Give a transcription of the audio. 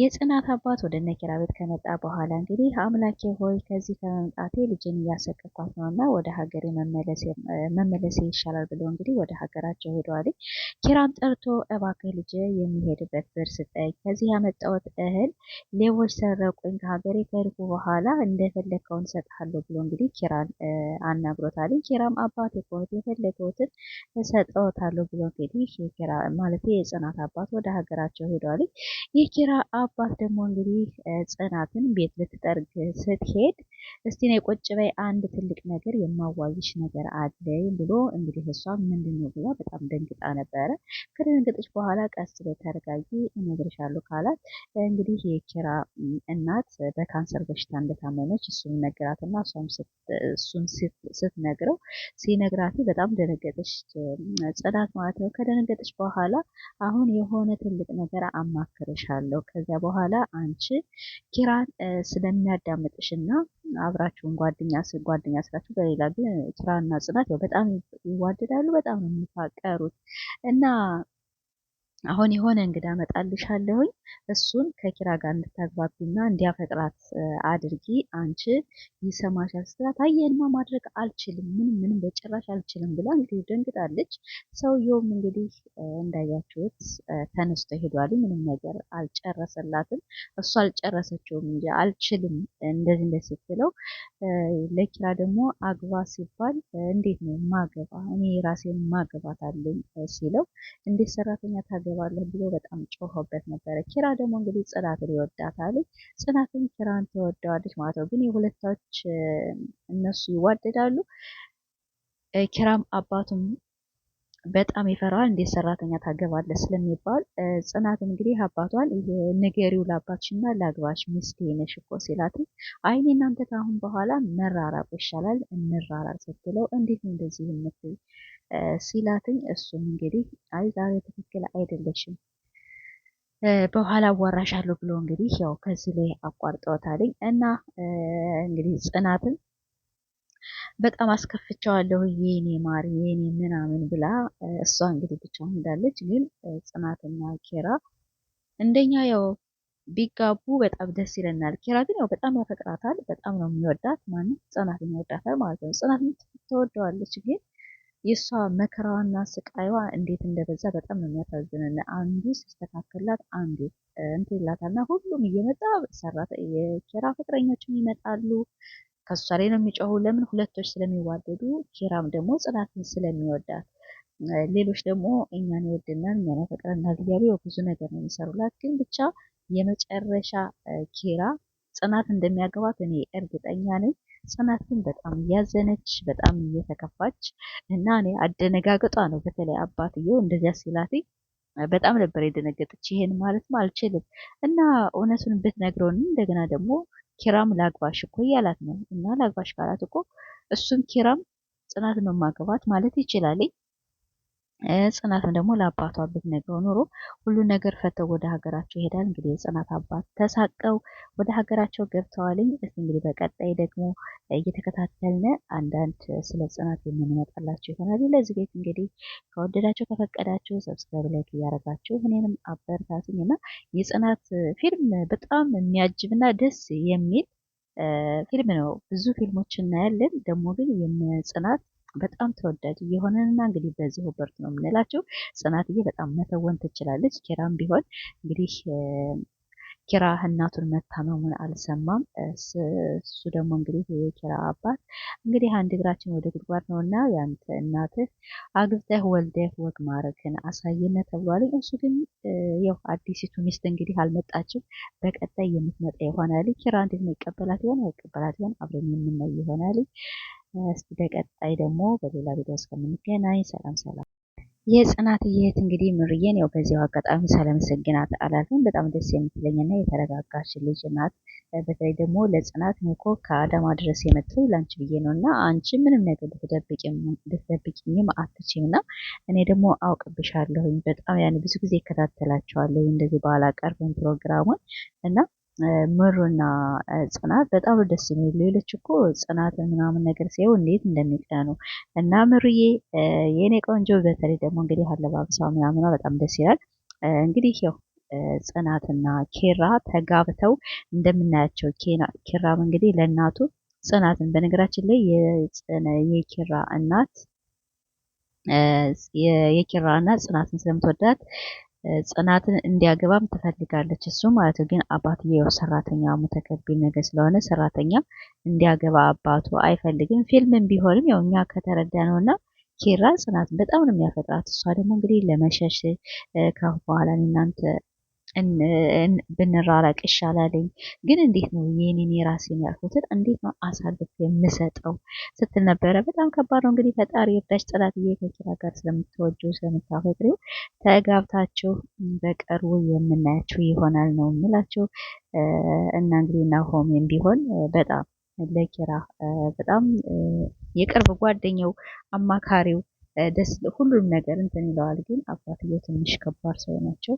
የጽናት አባት ወደ ነኪራ ቤት ከመጣ በኋላ እንግዲህ አምላኬ ሆይ ከዚህ ከመምጣቴ ልጅን እያሰቀኳት ነው እና ወደ ሀገሬ መመለሴ ይሻላል ብለው እንግዲህ ወደ ሀገራቸው ሄደዋል። ኪራን ጠርቶ እባክህ ልጅ የሚሄድበት ብር ስጠኝ፣ ከዚህ ያመጣሁት እህል ሌቦች ሰረቁኝ፣ ከሀገሬ ከሄድኩ በኋላ እንደፈለግከውን እሰጥሃለሁ ብሎ እንግዲህ ኪራን አናግሮታል። ኪራም አባት ከሆት የፈለገውትን እሰጥዎታለሁ ብሎ እንግዲህ ማለት የጽናት አባት ወደ ሀገራቸው ሄደዋል። ይህ ኪራ አባት ደግሞ እንግዲህ ጽናትን ቤት ልትጠርግ ስትሄድ እስቲ ነይ ቁጭ በይ አንድ ትልቅ ነገር የማዋይሽ ነገር አለኝ ብሎ እንግዲህ እሷ ምንድነው ብላ በጣም ደንግጣ ነበረ። ከደንግጥች በኋላ ቀስ በይ ተረጋጊ እነግርሻለሁ ካላት እንግዲህ የኪራ እናት በካንሰር በሽታ እንደታመመች እሱን ነገራትና እሱን ስትነግረው ሲነግራት በጣም ደነገጠች ጽናት ማለት ነው። ከደነገጠች በኋላ አሁን የሆነ ትልቅ ነገር አማክርሻለሁ ከዚያ በኋላ አንቺ ኪራን ስለሚያዳምጥሽና አብራችሁን ጓደኛ ጓደኛ ስላችሁ በሌላ ግን ኪራና ጽናት ያው በጣም ይዋደዳሉ። በጣም ነው የሚፋቀሩት እና አሁን የሆነ እንግዳ እመጣልሻለሁኝ እሱን ከኪራ ጋር እንድታግባቢና እንዲያፈቅራት አድርጊ አንቺ ይሰማሻል ስትላት አየንማ ማድረግ አልችልም ምንም ምንም በጭራሽ አልችልም ብላ እንግዲህ ደንግጣለች። ሰውየውም እንግዲህ እንዳያችሁት ተነስቶ ሄዷል። ምንም ነገር አልጨረሰላትም። እሱ አልጨረሰችውም እንጂ አልችልም እንደዚህ እንደ ስትለው ለኪራ ደግሞ አግባ ሲባል እንዴት ነው ማገባ እኔ ራሴን ማገባት አለኝ ሲለው እንዴት ሰራተኛ ታገ እሰድባለሁ ብሎ በጣም ጮሆበት ነበረ። ኪራ ደግሞ እንግዲህ ጽናትን ይወዳታል። ጽናትን ኪራን ትወደዋለች ማለት ነው። ግን የሁለታች እነሱ ይዋደዳሉ። ኪራም አባቱም በጣም ይፈራዋል። እንዴት ሰራተኛ ታገባለህ ስለሚባል ጽናት እንግዲህ አባቷን ንገሪው ላባትሽና ላግባሽ ሚስቴ ነሽ እኮ ሲላት፣ አይኔ እናንተ ከአሁን በኋላ መራራቁ ይሻላል እንራራር ስትለው፣ እንዴት እንደዚህ የምትል ሲላትኝ፣ እሱም እንግዲህ አይ ዛሬ ትክክል አይደለሽም በኋላ አዋራሻለሁ ብሎ እንግዲህ ያው ከዚህ ላይ አቋርጠውታልኝ እና እንግዲህ ጽናትን በጣም አስከፍቼዋለሁ የኔ ማር የኔ ምናምን ብላ እሷ እንግዲህ ብቻ እንዳለች፣ ግን ጽናትና ኬራ እንደኛ ያው ቢጋቡ በጣም ደስ ይለናል። ኬራ ግን ያው በጣም ያፈቅራታል፣ በጣም ነው የሚወዳት። ማንም ጽናት የሚወዳታል ማለት ነው። ጽናት ትወደዋለች፣ ግን የእሷ መከራዋና ስቃይዋ እንዴት እንደበዛ በጣም ነው የሚያሳዝነን። አንዱ ሲስተካከላት አንዱ እንትን ይላታልና ሁሉም እየመጣ ሰራተ የኬራ ፍቅረኞችም ይመጣሉ ከሷ ላይ ነው የሚጮሁ። ለምን ሁለቶች ስለሚዋደዱ፣ ኪራም ደግሞ ጽናትን ስለሚወዳት። ሌሎች ደግሞ እኛን ይወድናል፣ እኛን ያፈቅረናል እያሉ ብዙ ነገር ነው የሚሰሩላት። ግን ብቻ የመጨረሻ ኪራ ጽናት እንደሚያገባት እኔ እርግጠኛ ነኝ። ጽናትን በጣም እያዘነች በጣም እየተከፋች እና እኔ አደነጋገጧ ነው። በተለይ አባትየው እንደዚያ ሲላት በጣም ነበር የደነገጠች። ይሄን ማለትም አልችልም እና እውነቱን ብትነግረውን እንደገና ደግሞ ኪራም ላግባሽ እኮ እያላት ነው። እና ላግባሽ ካላት እኮ እሱም ኪራም ጽናትን ማግባት ማለት ይችላል። ጽናትም ደግሞ ለአባቷ ብትነግረው ኑሮ ሁሉን ነገር ፈተው ወደ ሀገራቸው ይሄዳል። እንግዲህ የጽናት አባት ተሳቀው ወደ ሀገራቸው ገብተዋልኝ። እስቲ እንግዲህ በቀጣይ ደግሞ እየተከታተልን አንዳንድ ስለ ጽናት የምንመጣላቸው ይሆናል። ለዚህ ቤት እንግዲህ ከወደዳቸው ከፈቀዳቸው ሰብስክራይብ፣ ላይክ እያደረጋችሁ እኔንም አበረታቱኝ እና የጽናት ፊልም በጣም የሚያጅብና ደስ የሚል ፊልም ነው። ብዙ ፊልሞች እናያለን። ደግሞ ግን የጽናት በጣም ተወዳጅ እየሆነንና እንግዲህ በዚህ በርቱ ነው የምንላቸው። ጽናትዬ በጣም መተወን ትችላለች። ኪራም ቢሆን እንግዲህ ኪራ እናቱን መታመሙን አልሰማም። እሱ ደግሞ እንግዲህ የኪራ አባት እንግዲህ አንድ እግራችን ወደ ጉድጓድ ነው እና ያንተ እናትህ አግብተህ ወልደህ ወግ ማረግን አሳየነ ተብሏል። እሱ ግን ያው አዲሲቱ ሚስት እንግዲህ አልመጣችም። በቀጣይ የምትመጣ ይሆናል። ኪራ እንዴት ነው ይቀበላት ይሆን አይቀበላት ይሆን አብረን የምናይ ይሆናል። እስቲ በቀጣይ ደግሞ በሌላ ቪዲዮ እስከምንገናኝ ሰላም ሰላም። የጽናትዬ እህት እንግዲህ ምርዬን ያው በዚያው አጋጣሚ ሳላመሰግናት አላልፍም። በጣም ደስ የምትለኝና የተረጋጋች ልጅ ናት። በተለይ ደግሞ ለጽናት እኔ እኮ ከአዳማ ድረስ የመጣው ላንቺ ብዬ ነው እና አንቺ ምንም ነገር ልትደብቅኝም አትችም እና እኔ ደግሞ አውቅብሻለሁኝ በጣም ያን ብዙ ጊዜ ይከታተላቸዋለሁ እንደዚህ በኋላ ቀርብን ፕሮግራሙን እና ምሩና ጽናት በጣም ደስ የሚሉ ሌሎች እኮ ጽናት ምናምን ነገር ሲየው እንዴት እንደሚቀኑ እና ምሩዬ የእኔ ቆንጆ፣ በተለይ ደግሞ እንግዲህ አለባበሷ ምናምኗ በጣም ደስ ይላል። እንግዲህ ያው ጽናትና ኬራ ተጋብተው እንደምናያቸው ኬራም እንግዲህ ለእናቱ ጽናትን በነገራችን ላይ የኬራ እናት የኬራ እናት ጽናትን ስለምትወዳት ጽናትን እንዲያገባም ትፈልጋለች እሱ ማለት ግን አባትየው ሰራተኛ ተከቢል ነገር ስለሆነ ሰራተኛ እንዲያገባ አባቱ አይፈልግም። ፊልምም ቢሆንም ያው እኛ ከተረዳ ነው እና ኬራ ጽናትን በጣም ነው የሚያፈጥራት። እሷ ደግሞ እንግዲህ ለመሸሽ ከአሁን በኋላ እናንተ ብንራራቅ ይሻላልኝ፣ ግን እንዴት ነው የኔን የራሴን ያልኩትን እንዴት ነው አሳልፍ የምሰጠው ስትል ነበረ። በጣም ከባድ ነው እንግዲህ ፈጣሪ እርዳሽ። ጽናትዬ ከኪራ ጋር ስለምትወጁ ስለምታፈቅሪው ተጋብታችሁ በቅርቡ የምናያችሁ ይሆናል ነው የምላችሁ። እና እንግዲህ ናሆሜም ቢሆን በጣም ለኪራ በጣም የቅርብ ጓደኛው አማካሪው ደስ ሁሉም ነገር እንትን ይለዋል። ግን አባትየው ትንሽ ከባድ ሰው ናቸው።